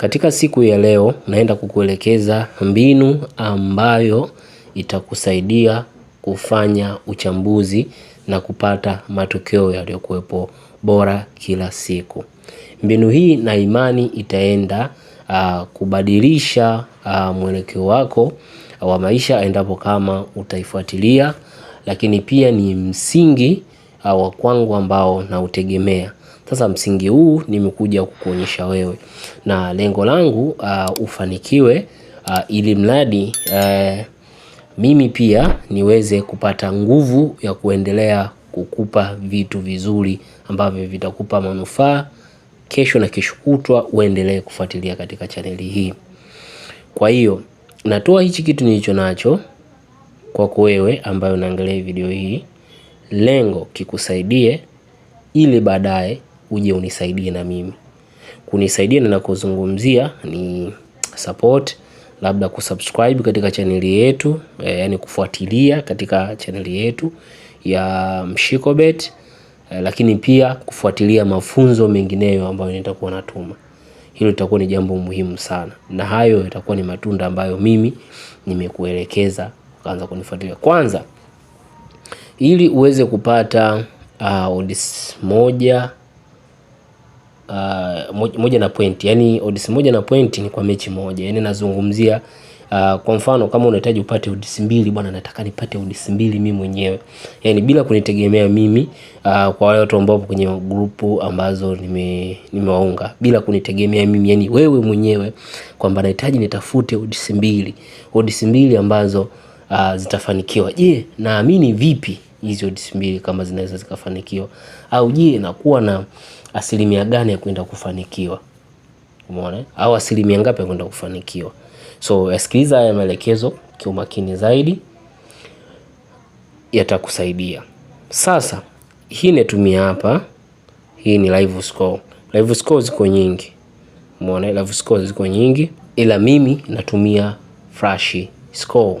Katika siku ya leo naenda kukuelekeza mbinu ambayo itakusaidia kufanya uchambuzi na kupata matokeo yaliyokuwepo bora kila siku. Mbinu hii na imani itaenda aa, kubadilisha aa, mwelekeo wako wa maisha endapo kama utaifuatilia, lakini pia ni msingi wa kwangu ambao nautegemea. Sasa msingi huu nimekuja kukuonyesha wewe, na lengo langu uh, ufanikiwe uh, ili mradi uh, mimi pia niweze kupata nguvu ya kuendelea kukupa vitu vizuri ambavyo vitakupa manufaa kesho na kesho kutwa, uendelee kufuatilia katika chaneli hii. Kwa hiyo natoa hichi kitu nilicho nacho kwako wewe ambayo unaangalia video hii, lengo kikusaidie ili baadaye uje unisaidie na mimi. Kunisaidia ninakuzungumzia ni support, labda kusubscribe katika chaneli yetu, eh, yani kufuatilia katika chaneli yetu ya Mshikobet, eh, lakini pia kufuatilia mafunzo mengineyo ambayo nitakuwa natuma. Hilo litakuwa ni jambo muhimu sana, na hayo yatakuwa ni matunda ambayo mimi nimekuelekeza ukaanza kunifuatilia. Kwanza ili uweze kupata uh, odds moja uh, moja na point, yani odds moja na point ni kwa mechi moja, yani nazungumzia Uh, kwa mfano kama unahitaji upate odds mbili bwana, nataka nipate odds mbili mimi mwenyewe, yani bila kunitegemea mimi uh, kwa wale watu ambao kwenye grupu ambazo nime nimewaunga bila kunitegemea mimi, yani wewe mwenyewe kwamba nahitaji nitafute odds mbili, odds mbili ambazo uh, zitafanikiwa. Je, naamini vipi hizo odds mbili kama zinaweza zikafanikiwa? Au je, nakuwa na asilimia gani ya kwenda kufanikiwa, umeona, au asilimia ngapi ya kwenda kufanikiwa. So yasikiliza haya maelekezo kiumakini zaidi, yatakusaidia. Sasa hii natumia hapa, hii ni live score. Live score ziko nyingi, umeona, live score ziko nyingi, ila mimi natumia Flash score.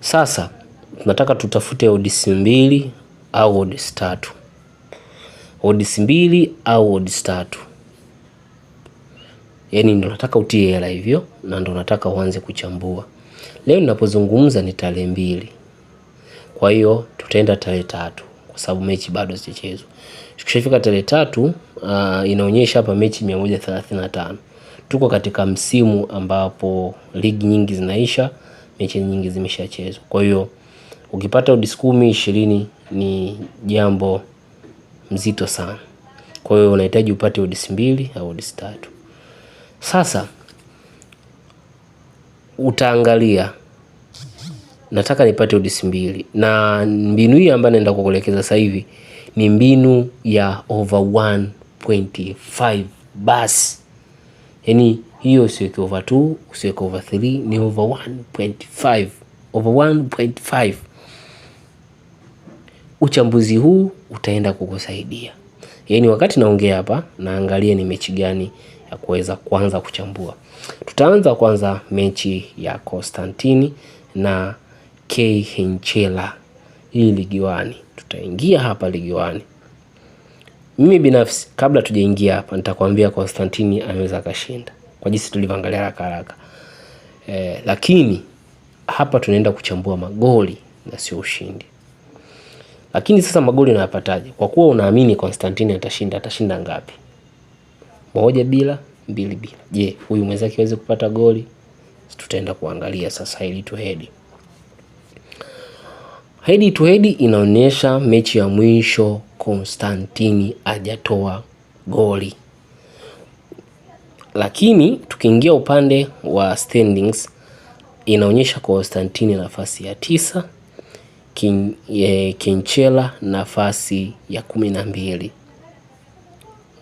Sasa tunataka tutafute odds mbili au odds tatu odds mbili au odds tatu. Yani ndo nataka utie hela hivyo, na ndo nataka uanze kuchambua. Leo ninapozungumza ni tarehe mbili, kwa hiyo tutaenda tarehe tatu kwa sababu mechi bado sijachezwa. Tukishafika tarehe tatu, uh, inaonyesha hapa mechi 135. Tuko katika msimu ambapo ligi nyingi zinaisha, mechi nyingi zimeshachezwa. Kwa hiyo ukipata odds kumi, ishirini ni jambo mzito sana. Kwa hiyo unahitaji upate odds mbili au odds tatu. Sasa utaangalia nataka nipate odds mbili, na mbinu hii ambayo naenda kukuelekeza sasa hivi ni mbinu ya over 1.5 basi. Yaani hiyo usiweke over 2, usiweke over 3, ni over 1.5, over 1.5 uchambuzi huu utaenda kukusaidia. Yaani wakati naongea hapa, naangalia ni mechi gani ya kuweza kuanza kuchambua. Tutaanza kwanza mechi ya Konstantini na KHenchela, hii ligiwani. Tutaingia hapa ligiwani. Mimi binafsi kabla tujaingia hapa nitakwambia Konstantini anaweza akashinda kwa jinsi tulivyoangalia haraka haraka. Eh, lakini hapa tunaenda kuchambua magoli na sio ushindi. Lakini sasa magoli unayapataje? Kwa kuwa unaamini Konstantini atashinda, atashinda ngapi? Moja bila, mbili bila. Je, huyu mwenzake aweze kupata goli? Tutaenda kuangalia sasa head to head. Head to head inaonyesha mechi ya mwisho konstantini ajatoa goli, lakini tukiingia upande wa standings inaonyesha konstantini nafasi ya tisa Kinchela nafasi ya kumi na mbili.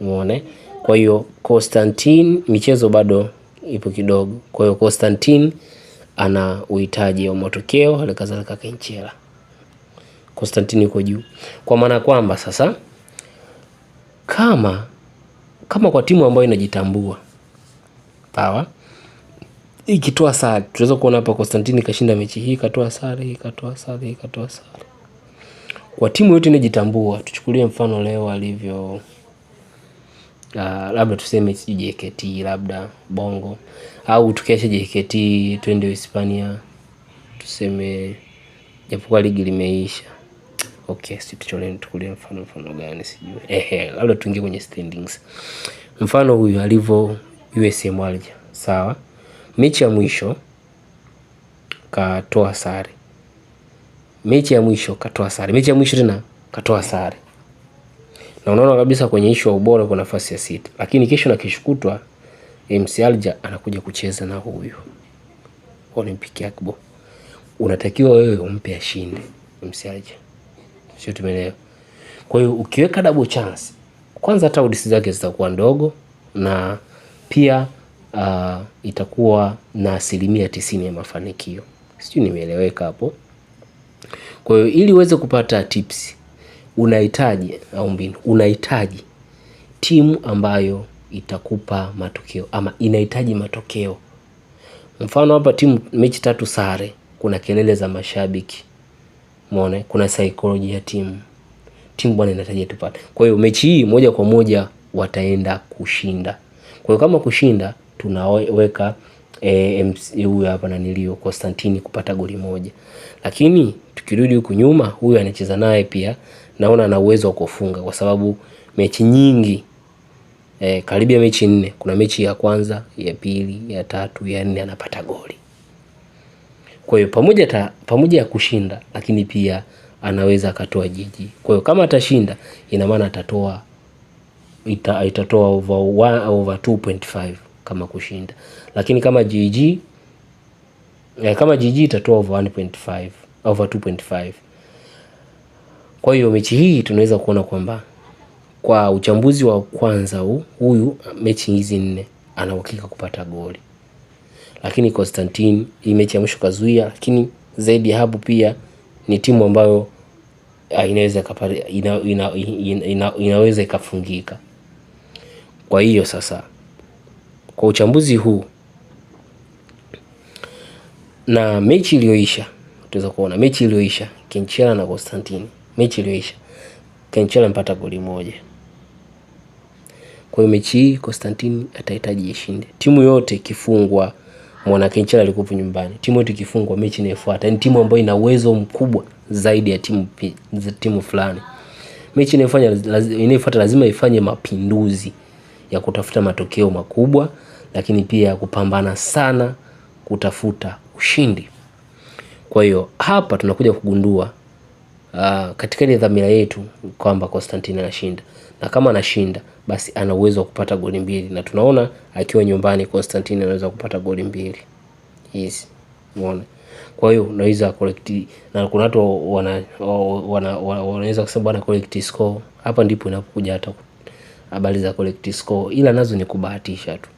Umeona? Kwa hiyo Konstantin, michezo bado ipo kidogo. Kwa hiyo Konstantin ana uhitaji wa matokeo hali kadhalika Kinchela. Konstantin yuko juu. Kwa maana kwamba sasa kama kama kwa timu ambayo inajitambua sawa ikitoa sare. Tunaweza kuona hapa Constantine kashinda mechi hii, katoa sare, hii katoa sare, hii katoa sare. Kwa timu yote inajitambua, tuchukulie mfano leo alivyo uh, labda tuseme JKT labda Bongo au tukiacha JKT twende Hispania tuseme japokuwa ligi limeisha. Okay, si tuchole tukulie mfano mfano gani sijui. Ehe, labda tuingie kwenye standings. Mfano huyu alivyo USM Alger. Sawa? mechi ya mwisho katoa sare, mechi ya mwisho katoa sare, mechi ya mwisho tena katoa sare, na unaona kabisa kwenye ishu ya ubora kwa nafasi ya sita, lakini kesho na kesho kutwa MC Alger anakuja kucheza na huyu Olympic Yakbo, Unatakiwa wewe umpe ashinde MC Alger, sio? Tumeelewa. Kwa hiyo ukiweka double chance, kwanza hata odds zake zitakuwa ndogo na pia uh, itakuwa na asilimia tisini ya mafanikio. Sijui nimeeleweka hapo. Kwa hiyo ili uweze kupata tips unahitaji au mbinu, unahitaji timu ambayo itakupa matokeo ama inahitaji matokeo. Mfano hapa timu mechi tatu sare, kuna kelele za mashabiki, mone, kuna saikoloji ya timu timu bwana inahitaji tupate. Kwa hiyo mechi hii moja kwa moja wataenda kushinda. Kwa hiyo kama kushinda tunaweka eh, huyu e, hapa nanilio Konstantini kupata goli moja, lakini tukirudi huku nyuma, huyu anacheza naye pia, naona ana uwezo wa kufunga kwa sababu mechi nyingi e, karibia mechi nne, kuna mechi ya kwanza, ya pili, ya tatu, ya nne anapata goli. Kwa hiyo pamoja ta, pamoja ya kushinda, lakini pia anaweza akatoa jiji. Kwa hiyo kama atashinda, ina maana atatoa ita, itatoa over, over 2.5 kama kushinda, lakini kama GG eh, kama GG itatoa over 1.5 over 2.5. Kwa hiyo mechi hii tunaweza kuona kwamba kwa uchambuzi wa kwanza huu, huyu mechi hizi nne ana uhakika kupata goli, lakini Constantine hii mechi ya mwisho kazuia, lakini zaidi ya hapo pia ni timu ambayo ah, inaweza ina, ina, ina, ina, inaweza ikafungika. Kwa hiyo sasa kwa uchambuzi huu na mechi iliyoisha, tunaweza kuona mechi iliyoisha Kenchela na Konstantini, mechi iliyoisha Kenchela mpata goli moja. Kwa hiyo mechi hii Konstantini atahitaji ishinde. Timu yote ikifungwa, mwana Kenchela alikuwa nyumbani, timu yote ikifungwa, mechi inayofuata, ni yaani timu ambayo ina uwezo mkubwa zaidi ya timu za timu fulani, mechi inayofanya inayofuata lazima ifanye mapinduzi ya kutafuta matokeo makubwa lakini pia kupambana sana kutafuta ushindi. Kwa hiyo hapa tunakuja kugundua uh, katika ile dhamira yetu kwamba Konstantin anashinda, na kama anashinda basi ana uwezo wa kupata goli mbili, na tunaona akiwa nyumbani Konstantin anaweza kupata goli mbili hizi, umeona. Kwa hiyo unaweza collect, na kuna watu wana, wana, wanaweza kusema bwana collect score. Hapa ndipo inapokuja hata habari za collect score, ila nazo ni kubahatisha tu.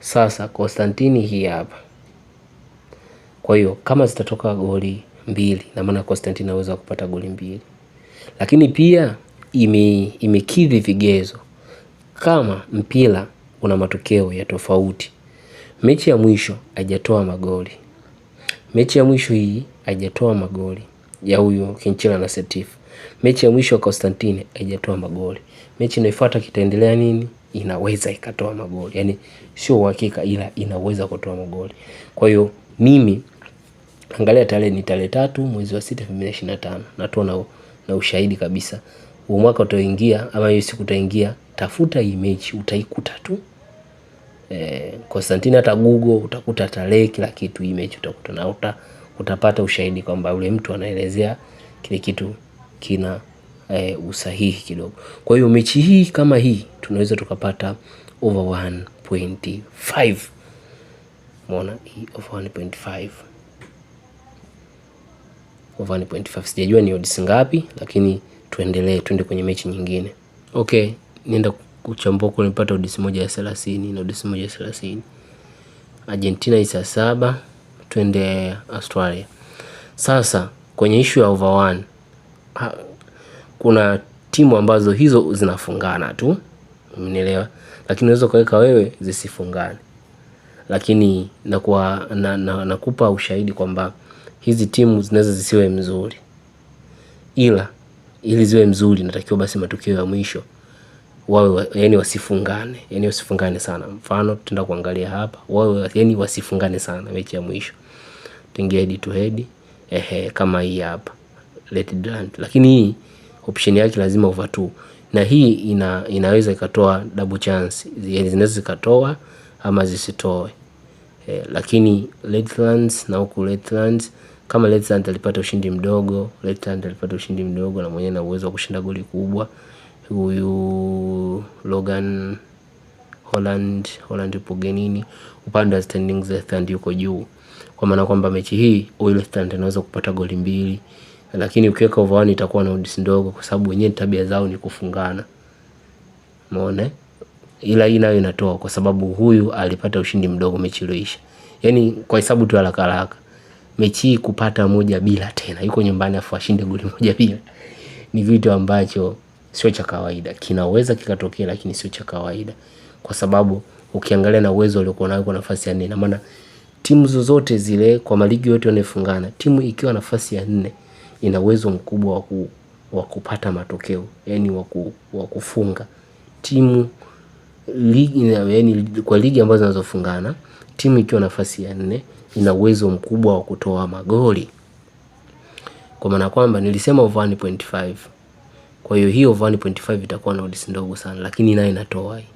Sasa Konstantini hii hapa, kwa hiyo kama zitatoka goli mbili, na maana Konstantini anaweza kupata goli mbili, lakini pia ime, imekidhi vigezo kama mpira una matokeo ya tofauti. Mechi ya mwisho haijatoa magoli, mechi ya mwisho hii haijatoa magoli ya huyu Kinchela na Setif, mechi ya mwisho ya Konstantini haijatoa magoli, mechi inayofuata kitaendelea nini? inaweza ikatoa magoli, yani sio uhakika, ila inaweza kutoa magoli. Kwa hiyo mimi angalia, tarehe ni tarehe tatu mwezi wa sita elfu mbili na ishirini na tano. Natoa na, na ushahidi kabisa. Huu mwaka utaingia ama hiyo siku utaingia, tafuta hii mechi utaikuta tu eh, Konstantini hata Google utakuta tarehe, kila kitu. Hii mechi utakuta na uta, utapata ushahidi kwamba yule mtu anaelezea kile kitu kina e, usahihi kidogo. Kwa hiyo mechi hii kama hii tunaweza tukapata over 1.5. Umeona hii over 1.5. 1.5 sijajua ni odds ngapi, lakini tuendelee, tuende kwenye mechi nyingine. Okay, nienda kuchambua kule, nipata odds moja ya 30 na odds moja ya 30. Argentina isa saba, twende Australia. Sasa kwenye ishu ya over 1 kuna timu ambazo hizo zinafungana tu, umenielewa, lakini unaweza kaweka wewe zisifungane, lakini nakuwa na, na, nakupa ushahidi kwamba hizi timu zinaweza zisiwe mzuri, ila ili ziwe mzuri natakiwa basi matukio ya mwisho wawe yani wasifungane, yani wasifungane sana. Mfano tutaenda kuangalia hapa, wawe yani wasifungane sana. Mechi ya mwisho tuingia head to head, ehe, kama hii hapa let it lakini hii option yake lazima over 2 na hii ina, inaweza ikatoa double chance, zinaweza zikatoa ama zisitoe eh, lakini Letlands na huku Letlands kama Redlands alipata ushindi mdogo, Redlands alipata ushindi mdogo na mwenye na uwezo wa kushinda goli kubwa. Huyu Logan Holland Holland yupo genini, upande wa standings Redlands yuko juu, kwa maana kwamba mechi hii huyu anaweza kupata goli mbili lakini ukiweka over itakuwa na odds ndogo, kwa sababu wenyewe tabia zao ni kufungana. Umeona? Ila hii nayo inatoa kwa sababu huyu alipata ushindi mdogo mechi iliyoisha. Yaani kwa hesabu tu haraka haraka. Mechi hii kupata moja bila tena, yuko nyumbani afu ashinde goli moja bila, ni vitu ambacho sio cha kawaida. Kinaweza kikatokea, lakini sio cha kawaida, kwa sababu ukiangalia na uwezo aliokuwa nayo kwa nafasi ya nne, na maana timu zozote zile kwa maligi yote wanayofungana, timu ikiwa nafasi ya nne ina uwezo mkubwa wa wa kupata matokeo yani wa wa kufunga timu ligi, yani kwa ligi ambazo zinazofungana timu ikiwa nafasi ya nne ina uwezo mkubwa wa kutoa magoli, kwa maana kwamba nilisema over 1.5. Kwa hiyo hii over 1.5 itakuwa na odds ndogo sana, lakini nayo inatoa hii.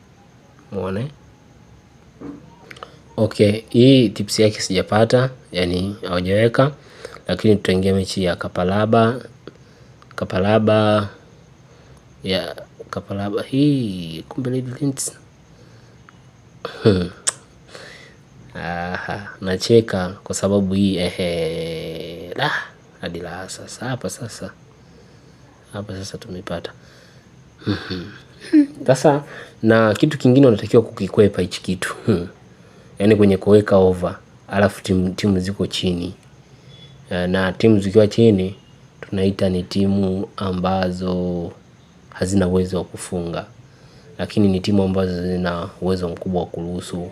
Okay, hii tips yake sijapata, yani hawajaweka lakini tutaingia mechi ya Kapalaba Kapalaba ya Kapalaba hii kumbe Linz hmm. Aha, nacheka kwa sababu hii ehe, la hadi la sasa hapa sasa hapa sasa tumepata hmm. sasa na kitu kingine unatakiwa kukikwepa hichi kitu hmm. yaani kwenye kuweka over alafu timu timu ziko chini Eh, na timu zikiwa chini tunaita ni timu ambazo hazina uwezo wa kufunga, lakini ni timu ambazo zina uwezo mkubwa wa kuruhusu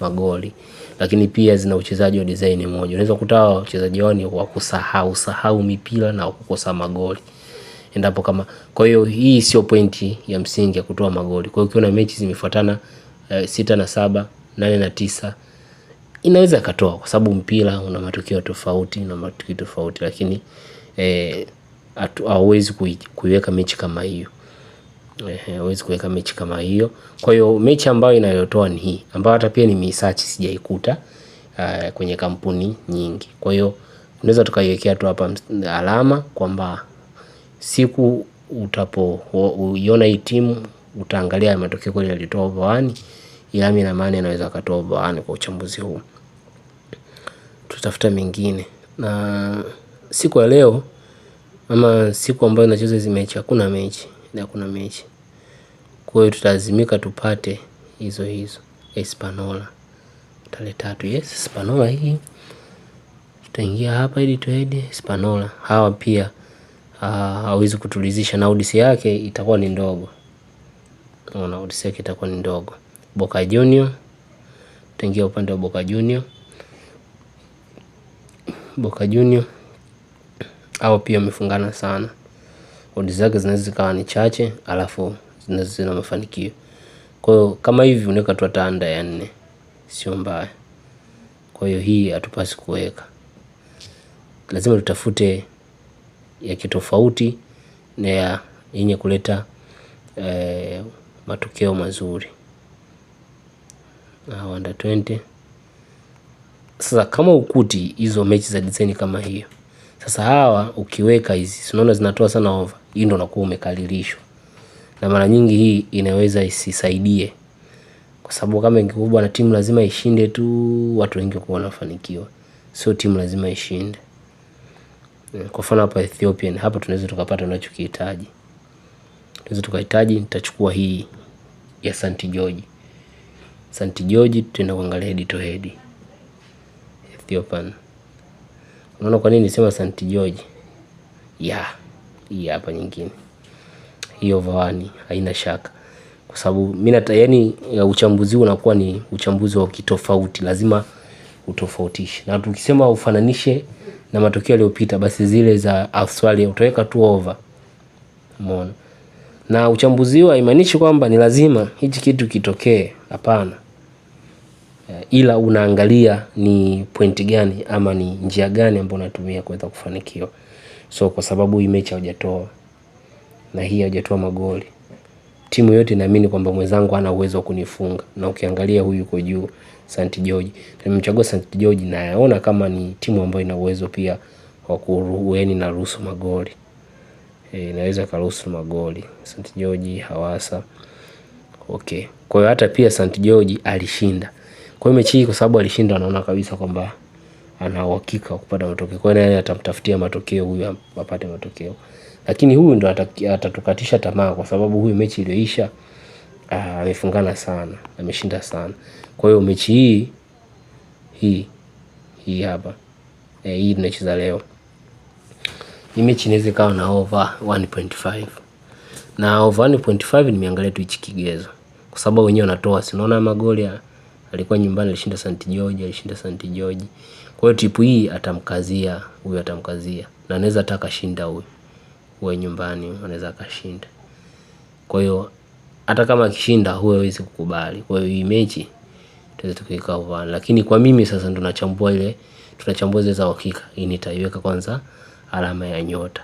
magoli, lakini pia zina uchezaji wa design moja. Unaweza kukuta wachezaji wao ni wa kusahau sahau mipira na kukosa magoli endapo kama. Kwa hiyo hii sio pointi ya msingi ya kutoa magoli. Kwa hiyo ukiona mechi zimefuatana eh, sita na saba, nane na tisa inaweza ikatoa, kwa sababu mpira una matukio tofauti na matukio tofauti, lakini eh, kuiweka mechi kama hiyo eh, kuweka mechi kama hiyo. Kwa hiyo mechi ambayo inayotoa ni hii ambayo hata pia ni research sijaikuta uh, kwenye kampuni nyingi. Kwa hiyo unaweza tukaiwekea tu hapa alama kwamba siku utapo uiona hii timu utaangalia matokeo kweli yalitoa ubaoni. Irami na anaweza akatoa ubaani kwa uchambuzi huu, tutafuta mengine. Na siku ya leo ama siku ambayo nacheza hizi mechi hakuna mechi na yaani hakuna mechi, kwa hiyo tutalazimika tupate hizo hizo Espanola tarehe tatu. Yes, Espanola hii tutaingia hapa ili tuende Espanola. Hawa pia ah, hawezi kutulizisha na odisi yake itakuwa ni ndogo. na odisi yake itakuwa ni ndogo. Boca Junior, tangia upande wa Boca Junior. Boca Junior au pia wamefungana sana, odi zake zinaweza zikawa ni chache, alafu zinaweza zina mafanikio. Kwa hiyo kama hivi unaweka tu hata anda ya nne, sio mbaya. Kwa hiyo hii hatupasi kuweka, lazima tutafute ya kitofauti na ya yenye kuleta eh, matokeo mazuri uh, under 20. Sasa kama ukuti hizo mechi za design kama hiyo, sasa hawa ukiweka hizi, unaona zinatoa sana over, hii ndo unakuwa umekalilishwa, na mara nyingi hii inaweza isisaidie, kwa sababu kama ingekuwa na timu lazima ishinde tu, watu wengi kuwa wanafanikiwa, sio timu lazima ishinde. Eh, kwa mfano hapa Ethiopian, hapa tunaweza tukapata unachokihitaji, tunaweza tukahitaji, nitachukua hii ya Santi George. St. George tutaenda kuangalia head to head Ethiopian. Unaona kwa nini nisema St. George? Ya, Hii hapa nyingine. Hiyo vawani haina shaka. Kwa sababu mimi na yani ya uchambuzi unakuwa ni uchambuzi wa kitofauti, lazima utofautishe. Na tukisema ufananishe na matokeo yaliyopita basi zile za Australia utaweka tu over. Umeona? Na uchambuzi huu haimaanishi kwamba ni lazima hichi kitu kitokee, hapana ila unaangalia ni pointi gani ama ni njia gani ambayo unatumia kuweza kufanikiwa. So kwa sababu hii mechi haujatoa na hii haujatoa magoli, timu yote inaamini kwamba mwenzangu hana uwezo wa kunifunga, na ukiangalia huyu yuko juu, St George. Nimemchagua St George na yaona kama ni timu ambayo ina uwezo pia wa kuruhueni na ruhusu magoli e, inaweza karuhusu magoli St George Hawasa. Okay, kwa hiyo hata pia St George alishinda kwa hiyo mechi hii kwa sababu alishinda, anaona kabisa kwamba ana uhakika wa kupata matokeo. Kwa hiyo naye atamtafutia matokeo huyu apate matokeo, lakini huyu ndo atatukatisha tamaa, kwa sababu huyu mechi iliyoisha ah, amefungana sana, ameshinda sana. Kwa hiyo mechi hii hii hii hapa e, hii tunacheza leo hii mechi inaweza ikawa na over 1.5 na over 1.5 nimeangalia tu hichi kigezo, kwa sababu wenyewe wanatoa, si unaona magoli ya alikuwa nyumbani, alishinda St George, alishinda St George. Kwa hiyo tipu hii atamkazia huyu, atamkazia na anaweza hata akashinda huyu huwe nyumbani, anaweza akashinda. Kwa hiyo hata kama akishinda, huyo hawezi kukubali. Kwa hiyo hii mechi tuweze tukiweka uani, lakini kwa mimi sasa ndo nachambua ile, tunachambua zile za uhakika. Hii nitaiweka kwanza alama ya nyota,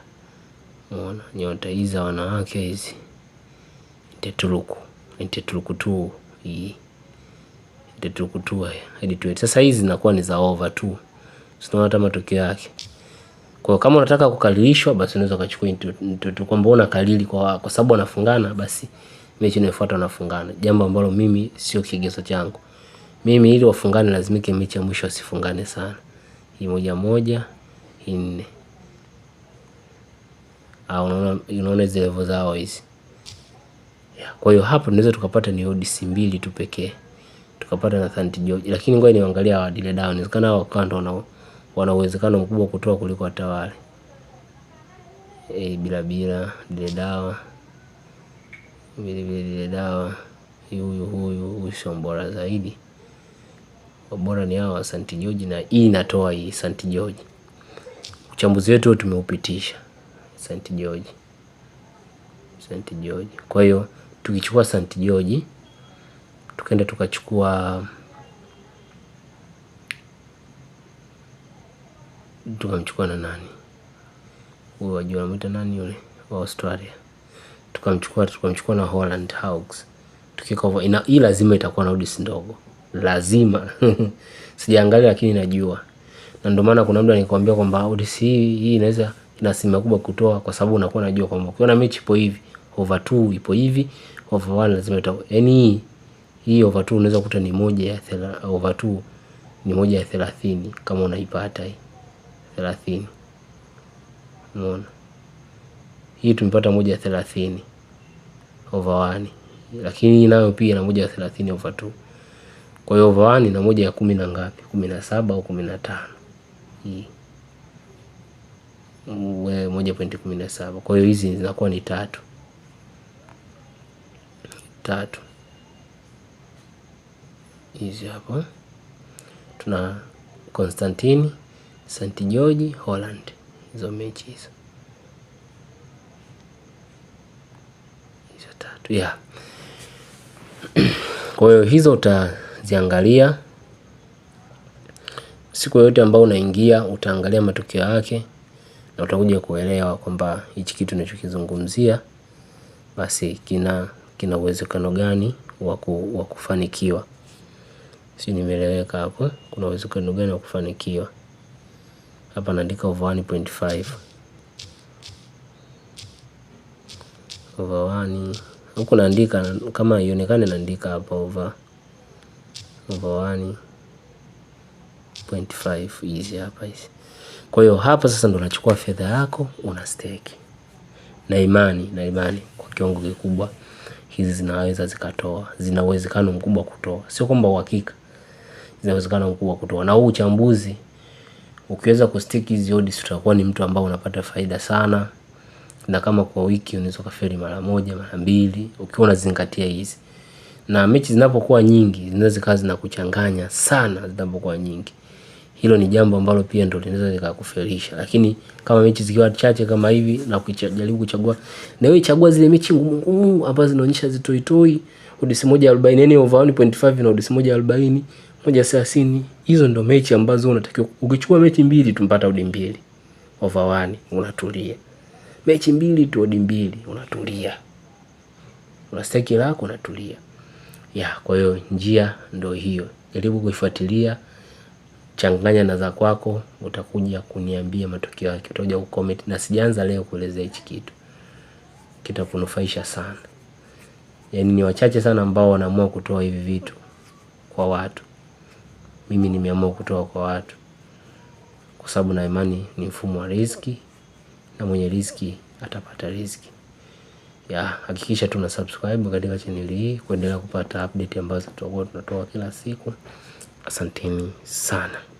umeona nyota hizi za wanawake hizi, niteturuku niteturuku tu hii tetukutua edit weight. Sasa hizi zinakuwa ni za over tu, Sinaona hata matokeo yake. Kwa kama unataka kukalilishwa, basi unaweza kuchukua ukachukua tu kwamba kalili kwa, kwa sababu anafungana, basi mechi inayofuata anafungana, jambo ambalo mimi sio kigezo changu. Mimi ili wafungane lazimike mechi ya mwisho asifungane sana, hii moja moja hii nne. Ah, unaona, unaona zile levels zao hizi. Kwa hiyo hapo tunaweza tukapata ni odds mbili tu pekee tukapata na St George, lakini ngoja niangalia Dile Down, inawezekana hao kando wana wana uwezekano mkubwa kutoa kuliko hata wale eh, bila bila Diledao vile vile Diledao huyu huyu huyu sio bora zaidi, bora ni hao wa St George, na hii inatoa hii St George. Uchambuzi wetu tumeupitisha St George, St George. Kwa hiyo tukichukua St George tukaenda tukachukua tukamchukua na nani huyo, wajua anamwita nani yule wa Australia, tukamchukua tukamchukua na Holland Hawks tukiweka Ina Hii lazima itakuwa na odds ndogo, lazima sijaangalia, lakini najua, na ndio maana kuna mtu anikwambia kwamba odds hii hii inaweza ina sima kubwa kutoa, kwa sababu unakuwa unajua kwamba ukiona mechi ipo hivi, over 2 ipo hivi, over 1 lazima itakuwa yani hii over 2 unaweza kukuta ni moja ya over 2 ni moja ya 30 kama unaipata hii 30. Umeona? Hii tumepata moja ya 30 over 1. Lakini hii nayo pia na moja ya 30 over 2. Kwa hiyo over 1 na moja ya kumi na ngapi? kumi saba au kumi tano. Hii moja pointi kumi saba. Kwa hiyo hizi zinakuwa ni tatu tatu hizi hapo, tuna Konstantini, St George, Holland, hizo mechi hizo hizo tatu ya Kwa hiyo hizo utaziangalia siku yoyote ambayo unaingia, utaangalia matokeo yake na utakuja kuelewa kwamba hichi kitu ninachokizungumzia basi kina kina uwezekano gani wa kufanikiwa si nimeleweka hapo? Kuna uwezekano gani wa kufanikiwa? Hapa naandika over 1.5 over 1 huku naandika kama ionekane, naandika hapa over over 1.5 hizi hapa hizi. Kwa hiyo hapa sasa ndo unachukua fedha yako una stake na imani na imani kwa kiwango kikubwa hizi zinaweza zikatoa, zina uwezekano mkubwa kutoa, sio kwamba uhakika zina uwezekano mkubwa kutoa. Na huu uchambuzi ukiweza kustick hizi odds, utakuwa ni mtu ambaye unapata faida sana, na kama kwa wiki unaweza kufeli mara moja mara mbili, ukiwa unazingatia hizi. Na mechi zinapokuwa nyingi zinaweza zikawa zinakuchanganya sana, zinapokuwa nyingi hilo ni jambo ambalo pia ndio linaweza likakufelisha, lakini kama mechi zikiwa chache kama hivi na kujaribu kuchagua, na wewe chagua zile mechi ngumu ngumu ambazo zinaonyesha zitoitoi, odds moja arobaini, yani over 1.5 na odds moja arobaini moja thelathini. Hizo ndo mechi ambazo unatakiwa ukichukua mechi mbili tumpata odi mbili over one, unatulia mechi mbili tu odi mbili unatulia, una stake lako unatulia ya. Kwa hiyo njia ndo hiyo, jaribu kuifuatilia, changanya na za kwako, utakuja kuniambia matokeo yake, utakuja kucomment. Na sijaanza leo kuelezea hichi kitu, kitakunufaisha sana. Yani ni wachache sana ambao wanaamua kutoa hivi vitu kwa watu mimi nimeamua kutoa kwa watu, kwa sababu na imani ni mfumo wa riziki na mwenye riziki atapata riziki. Ya, hakikisha tuna subscribe katika chaneli hii kuendelea kupata update ambazo tutakuwa tunatoa kila siku. Asanteni sana.